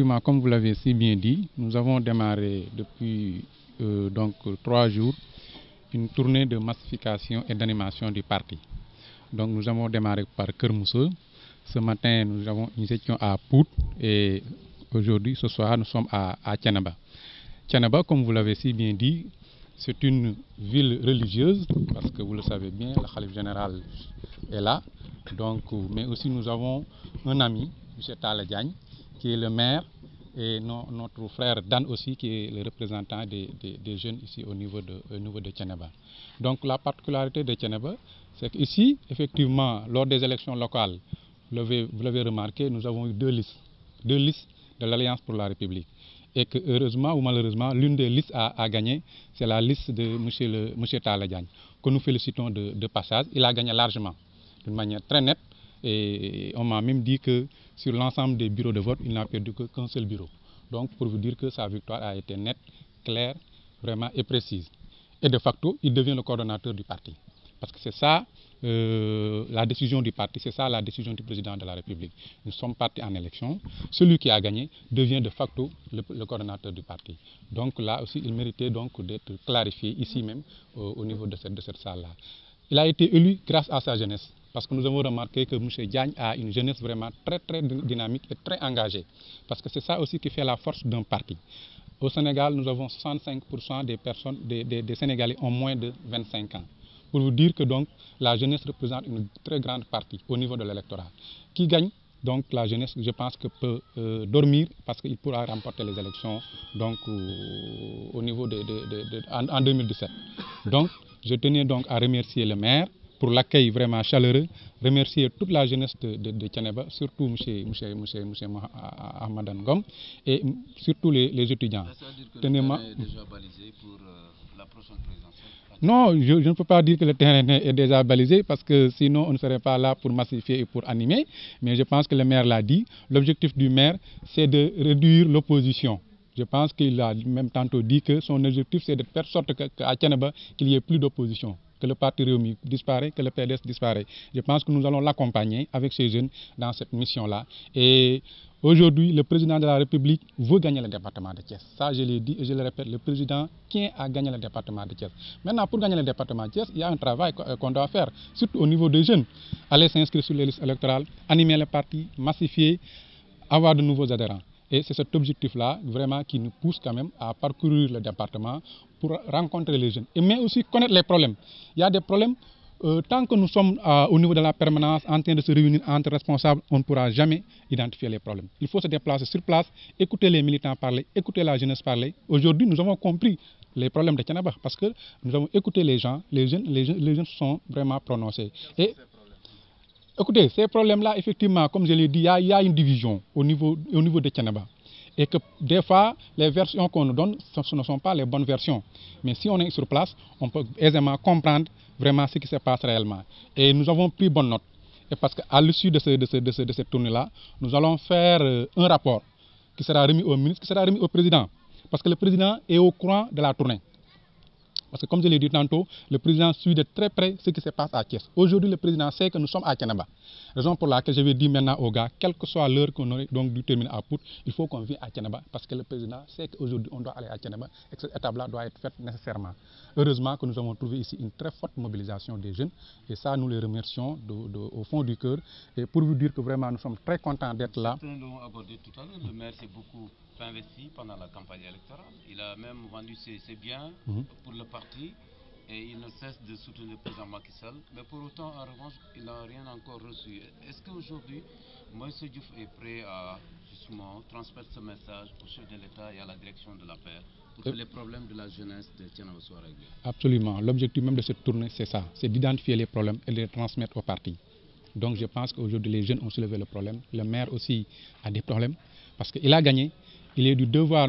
effectivement, comme vous l'avez si bien dit, nous avons démarré depuis euh, donc trois jours une tournée de massification et d'animation du parti. Donc nous avons démarré par Kermousseux. Ce matin, nous, avons, nous étions à Pout et aujourd'hui, ce soir, nous sommes à, à Tianaba. Tianaba, comme vous l'avez si bien dit, c'est une ville religieuse parce que vous le savez bien, la Khalif général est là. Donc, mais aussi nous avons un ami, M. Tala Diagne, qui est le maire, et non, notre frère Dan aussi, qui est le représentant des, des, des jeunes ici au niveau de, au niveau de Tcheneba. Donc la particularité de Tcheneba, c'est qu'ici, effectivement, lors des élections locales, vous l'avez remarqué, nous avons eu deux listes, deux listes de l'Alliance pour la République. Et que heureusement ou malheureusement, l'une des listes à a gagné, c'est la liste de M. Monsieur, le, monsieur Taladian, que nous félicitons de, de passage. Il a gagné largement, d'une manière très nette, Et on m'a même dit que sur l'ensemble des bureaux de vote, il n'a perdu qu'un seul bureau. Donc pour vous dire que sa victoire a été nette, claire, vraiment et précise. Et de facto, il devient le coordonnateur du parti. Parce que c'est ça euh, la décision du parti, ça la décision du président de la République. Nous sommes partis en élection. Celui qui a gagné devient de facto le, le coordonnateur du parti. Donc là aussi, il méritait donc d'être clarifié ici même euh, au niveau de cette, de cette salle-là. Il a été à sa Parce que nous avons remarqué que M. Diagne a une jeunesse vraiment très, très dynamique et très engagée. Parce que c'est ça aussi qui fait la force d'un parti. Au Sénégal, nous avons de 25 ans pour vous dire que donc la jeunesse au niveau de l'électorat. Qui gagne donc la je pense que peut euh, dormir parce qu'il pourra remporter les élections donc euh, au, au de, de, de, de en, en 2017. Donc je tenais donc à le maire pour l'accueil vraiment chaleureux. Remercier toute la jeunesse de, de, de surtout M. Monsieur, monsieur, monsieur, ah, ah, Ahmad Ngom et surtout les, les étudiants. Ah, ça veut dire que Tenez euh, Non, je, ne peux pas dire que le terrain est déjà balisé parce que sinon on ne serait pas là pour massifier et pour animer. Mais je pense que le maire l'a dit. L'objectif du maire, c'est de réduire l'opposition. Je pense qu'il a même tantôt dit que son objectif, c'est de faire sorte qu'à qu Tchaneba, qu'il n'y ait plus que le parti Rewmi disparaît, que le PDS disparaît. Je pense que nous allons l'accompagner avec ces jeunes dans cette mission-là. Et aujourd'hui, le président de la République veut gagner le département de Thiès. Ça, je l'ai dit et je le répète, le président tient à gagner le département de Thiès. Maintenant, pour gagner le département de Thiès, il y a un travail euh, qu'on doit faire, surtout au niveau des jeunes. Aller s'inscrire sur les listes électorales, animer les partis, massifier, avoir de nouveaux Et c'est cet objectif-là vraiment qui nous pousse quand même à parcourir le département pour rencontrer les jeunes, mais aussi connaître les problèmes. Il y a des problèmes, euh, tant que nous sommes euh, au niveau de la permanence en train de se réunir entre responsables, on ne pourra jamais identifier les problèmes. Il faut se déplacer sur place, écouter les militants parler, écouter la jeunesse parler. Aujourd'hui, nous avons compris les problèmes de Canaba parce que nous avons écouté les gens, les jeunes, Écoutez, ces problèmes-là, effectivement, comme je l'ai dit, il y, y, a une division au niveau, au de Tchanaba. Et que des fois, les versions qu'on donne, ce ne sont pas les bonnes versions. Mais si on est sur place, on peut aisément comprendre vraiment ce qui se passe réellement. Et nous avons pris bonne note. Et parce qu'à l'issue de, cette tournée-là, nous allons faire euh, un rapport qui sera remis au ministre, qui sera remis au président. Parce que le président est au courant de la tournée. Parce que comme je l'ai dit tantôt, le président suit de très près ce qui se passe à Thiès. Aujourd'hui, le président sait que nous sommes à Tianaba. Raison pour laquelle je vais dire maintenant aux gars, quelle soit l'heure qu'on aurait donc dû terminer à Pout, il faut qu'on vienne à Tianaba. Parce que le président sait qu'aujourd'hui, on doit aller à Tianaba et que cette là doit être faite nécessairement. Heureusement que nous avons trouvé ici une très parti et il ne cesse de soutenir le président Macky Sall mais pour autant en revanche il n'a rien encore reçu est-ce qu'aujourd'hui Moïse Diouf est prêt à transmettre ce message au chef de l'État et à la direction de l'APR pour que euh, les problèmes de la jeunesse de Thiénaba soient les problèmes et les transmettre au parti donc je pense qu'aujourd'hui les jeunes ont soulevé le problème le maire aussi a des problèmes parce qu'il a gagné il est du devoir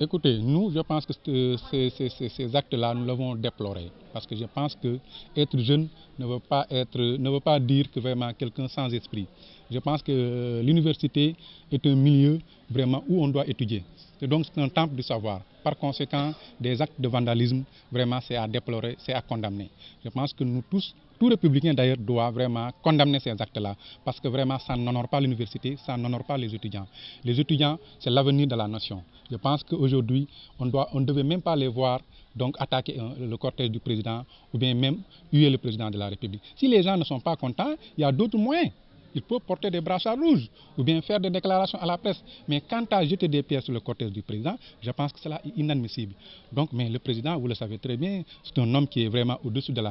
Écoutez, nous, je pense que euh, ces, ces, ces actes-là, nous l'avons déploré. Parce que je pense que être jeune ne veut pas, être, ne veut pas dire que vraiment quelqu'un sans esprit. Je pense que euh, l'université est un milieu vraiment où on doit étudier. Et donc, c'est un temple du savoir. Par conséquent, des actes de vandalisme, vraiment, c'est à déplorer, à condamner. Je pense que nous tous, tout républicain d'ailleurs doit vraiment condamner ces actes-là parce que vraiment ça n'honore pas l'université, ça n'honore pas les étudiants. Les étudiants, c'est l'avenir de la nation. Je pense qu'aujourd'hui, on devait même pas voir donc attaquer euh, le cortège du président ou bien même huer le président de la République. Si les gens ne sont pas contents, il y a d'autres moyens. il peut porter des brassards rouges ou bien faire des déclarations à la presse. Mais quant à jeter des pierres sur le cortège du président, je pense que cela est inadmissible. Donc, mais le président, vous le savez très bien, c'est un homme qui est vraiment au-dessus de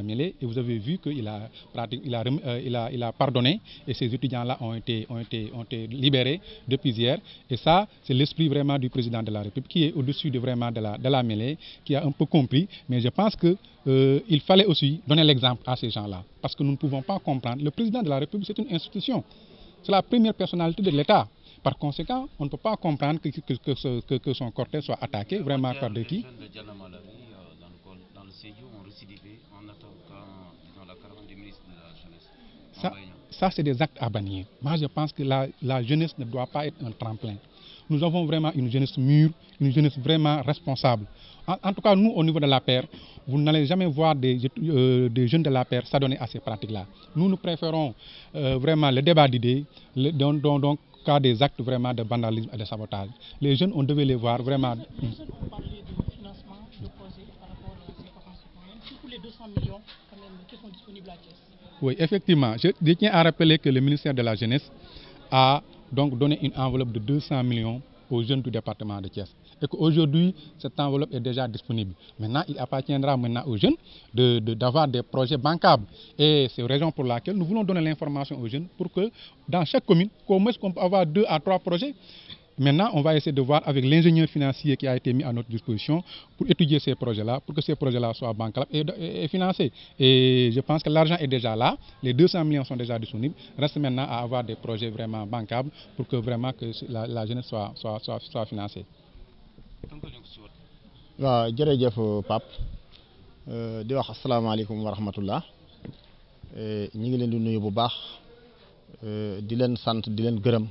qu'il a, euh, a, pardonné et ces étudiants-là ont été, libérés depuis hier. Et ça, c'est l'esprit du président de la République qui a un peu compris. Mais je pense qu'il euh, fallait aussi donner l'exemple à ces gens-là. parce que nous ne pouvons pas comprendre. Le président de la République, c'est une institution. C'est la première personnalité de l'État. Par conséquent, on ne peut pas comprendre que, que, que, ce, que, que son cortège soit attaqué, vraiment par de euh, qui Ça, ça c'est des actes à bannir. Moi, je pense que la, la jeunesse ne doit pas être un tremplin. nous avons vraiment une jeunesse mûre, une jeunesse vraiment responsable. En, en tout cas, nous, au niveau de la paire, vous n'allez jamais voir des, euh, des, jeunes de la paire s'adonner à ces pratiques-là. Nous, nous préférons euh, vraiment le débat d'idées, donc, donc, donc cas des actes de vandalisme et de sabotage. Les jeunes, on devait les voir vraiment... Les effectivement. Je, tiens à rappeler que le ministère de la Jeunesse donc donner une enveloppe de 200 millions aux jeunes du département de Thiès. Et qu'aujourd'hui, cette enveloppe est déjà disponible. Maintenant, il appartiendra maintenant aux jeunes d'avoir de, des projets bancables. Et c'est la pour laquelle nous voulons donner l'information aux jeunes pour que dans chaque commune, qu'on puisse avoir deux à trois projets Maintenant, on va essayer de voir avec l'ingénieur financier qui a été mis à notre disposition pour étudier ces projets-là, pour que ces projets-là soient bancables et, financés. Et je pense que l'argent est déjà là, les 200 millions sont déjà disponibles. Reste maintenant à avoir des projets vraiment bancables pour que vraiment que la, la jeunesse soit, soit, soit, financée. waaw jërëjëf Pape euh, di wax asalaamaaleykum wa rahmatullah euh, ñu ngi leen di nuyu bu baax euh, di leen sant di leen gërëm.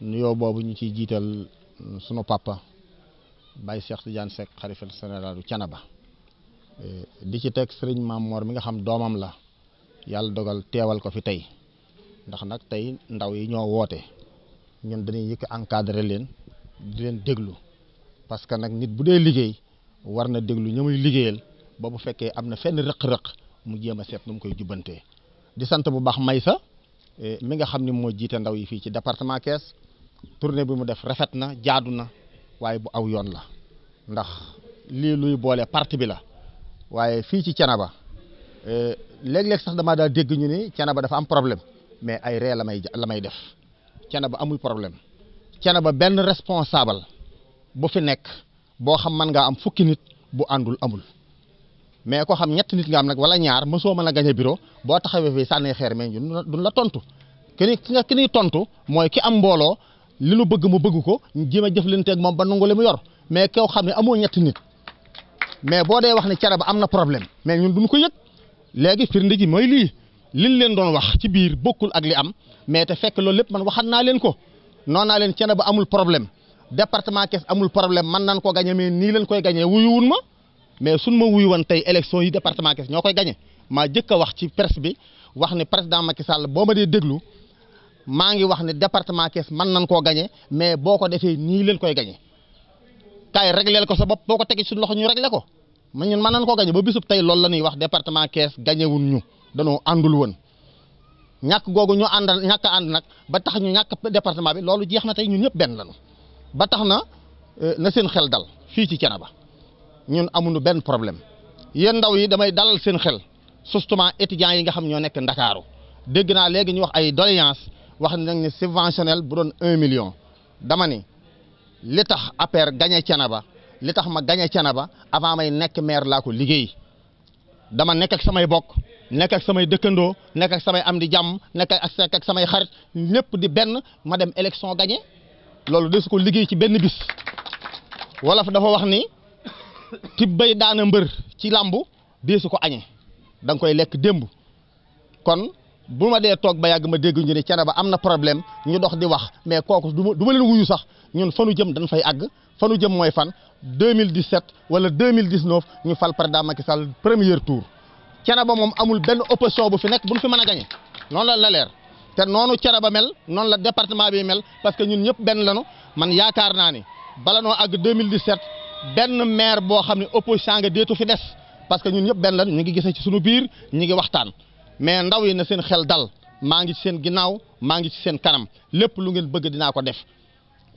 nuyoo boobu ñu ciy jiital euh, sunu papa Baye Cheikh Tidiane Seck xalifatul généralu Thiénaba euh, di ci teg sëriñ Maam Mor mi nga xam doomam la yàlla dogal teewal ko fi tey ndax nag tey ndaw yi ñoo woote ñun dañuy yëkk encadre leen di leen déglu parce que nag nit bu dee liggéey war na déglu ña liggéeyal ba bu fekkee am na fenn rëq-rëq mu jéem a seet nu mu koy jubbantee di sant bu baax may Maysa euh, mi nga xam ni moo jiite ndaw yi fii ci département Kees tournée bi mu def rafet na jaadu na waaye bu aw yoon la ndax lii luy boole parti bi la waaye fii ci Thiénaba eh, léeg-léeg sax damaa daa dégg ñu ni Thiénaba dafa am problème mais ay ree la may la may def Thiénaba amul problème Thiénaba benn responsable bu fi nekk boo xam mën ngaa am fukki nit bu àndul amul mais ko xam ñetti nit nga am nag wala ñaar mësoo mën a gañe bureau boo taxawee fii sànnee xeer mais ñun duñ la tontu ki ni ki nga ki tontu mooy ki am mbooloo li nu bëgg mu bëgg ko jéem a jëflanteeg moom ba nangu li mu yor mais kaw xam ne amoo ñett nit mais boo dee wax ne cere ba am na problème mais ñun duñ ko yëg léegi firnde ji mooy lii liñ leen doon wax ci biir bokkul ak li am mais te fekk loolu lépp man waxan naa leen ko noon naa leen cere ba amul problème département Thiès amul problème man nan ko gañe mais nii leen koy gañee wun ma mais suñ ma wuyu wan tey élection yi département Thiès ñoo koy gañe maa jëkk a wax ci presse bi wax ne président Macky Sall boo ma dee déglu maa ngi wax ne département Thiès man nañ koo gañe mais boo ko defee nii leen koy gañe kaay régleel ko sa bopp boo ko tegee suñu loxo ñu regle ko ma ñun mën nañ koo gañe ba bisub tey loolu la ñuy wax département Thiès gañewun ñu danoo àndul woon ñàkk googu ñu ànd ñàkk ànd nag ba tax ñu ñàkk département bi loolu jeex na tey ñun ñëpp benn lañu ba tax na euh, na seen xel dal fii ci Thiénaba ñun amuñu benn problème yéen ndaw yi damay dalal seen xel surtout étudiants yi nga xam ñoo nekk Ndakaaru dégg naa léegi ñu wax ay doléances wax nañ ne subventionnel bu doon un million dama ni li tax APR gañe Thiénaba li tax ma gañe Thiénaba avant may nekk maire laa ko liggéey dama nekk samay bokk nekk ak samay dëkkandoo nekk samay am di jàmm nekk ak ak samay xarit lépp di benn ma dem élection gañe loolu de su ko liggéey ci benn bis wolof dafa wax ni tibbay daana mbër ci làmb dee su ko añee dang koy lekk démb kon bu ma dee toog ba yàgg ma dégg ñu ne Thiénaba am na problème ñu dox di wax mais kooku du ma du ma leen wuyu sax ñun fanu jëm dañ fay àgg fanu jëm mooy fan deux mille 2017 wala 2019 ñu fal président Macky Sall premier tour Thiénaba moom amul benn opposition bu fi nekk buñ fi mën a gañe noonu la la leer te noonu Thiénaba mel noonu la département bi mel parce que ñun ñëpp benn lanu man yaakaar naa ni bala noo àgg 2017 benn maire boo xam ne opposition nga déetu fi des parce que ñun ñëpp benn lanu ñu ngi gisee ci suñu biir ñu ngi waxtaan mais ndaw yi na seen xel dal maa ngi ci seen ginnaaw maa ngi ci seen kanam lépp lu ngeen bëgg dinaa ko def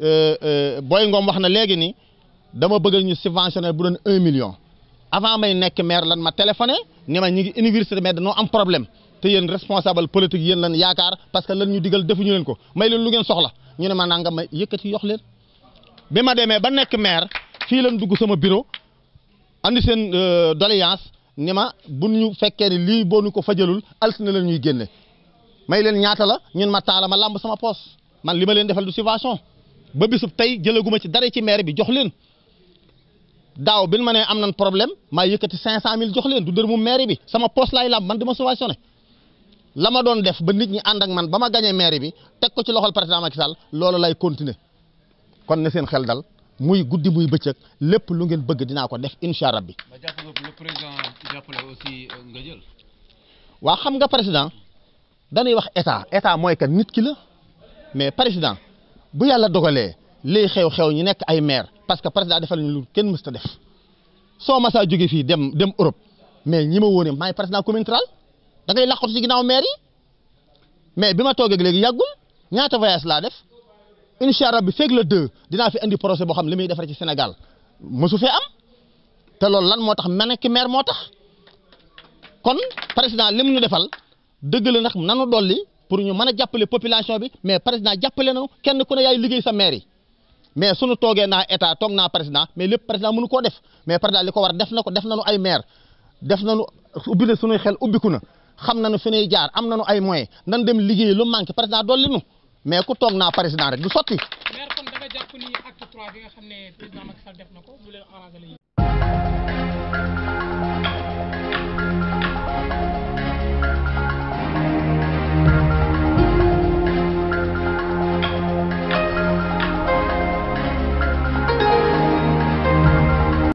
euh, euh, booy ngoom wax na léegi nii dama bëgg ñu subventionné bu doon un million avant may nekk maire lan ma téléphoné ni ma ñu ngi université mais dañoo am problème te yen responsable politique yéen lan yaakaar parce que lan ñu digal defuñu leen ko may leen lu ngeen soxla ñu ne ma nanga ma yëkkati yox leen bi ma demee ba nekk maire fii lan dugg sama bureau andi seen euh, doléance ni ma bu ñu fekkee ne lii boo ñu ko fajalul altine la ñuy génne may leen ñaata la ñun ma taala ma làmb sama poos man li ma leen defal du subvention ba bisub tey jëlaguma ci dara ci maire bi jox leen daaw bin ma ne am nan problème maa yëkkati cinq cent mille jox leen du mu maire bi sama poos laay làmb man di ma subventionné la ma doon def ba nit ñi ànd ak man ba ma gañee maire bi teg ko ci loxol président Macky Sall loolu lay continuer kon ne seen xel dal muy guddi muy bëccëg lépp lu ngeen bëgg dinaa ko def incha rabbi. ma jàpp nga le président euh, waa xam nga président dañuy wax état état mooy kan nit ki mais président bu yàlla dogalee liy xew-xew ñu nekk ay maire parce que président defal ñu lu kenn mësta def soo ma saa jóge fii dem dem Europe mais ñi ma wóone maay président commune Tral da ngay làqatu ci ginnaaw maire yi mais bi ma toogee léegi yàggul ñaata voyage laa def. incha bi feeg le deux dinaa fi andi projet boo xam li muy defar ci Sénégal mosu fee am te loolu lan moo tax ma nekk maire moo tax kon président lim ñu defal dëgg la nag nanu dolli pour ñu mën a jàppale population bi mais président jàppale nanu kenn ku ne yaay liggéey sa maire yi mais sunu toogee naa état toog naa président mais lépp président mënu koo def mais président li ko war def na ko def nanu ay maire def nanu ubbi na sunuy xel ku na xam na fi ñuy jaar am nanu ay moyens nan dem liggéey lu manqué président dolli nu mais ku toog naa président rek du sotti. maire bi nga xam ne def na ko lu leen arrangé la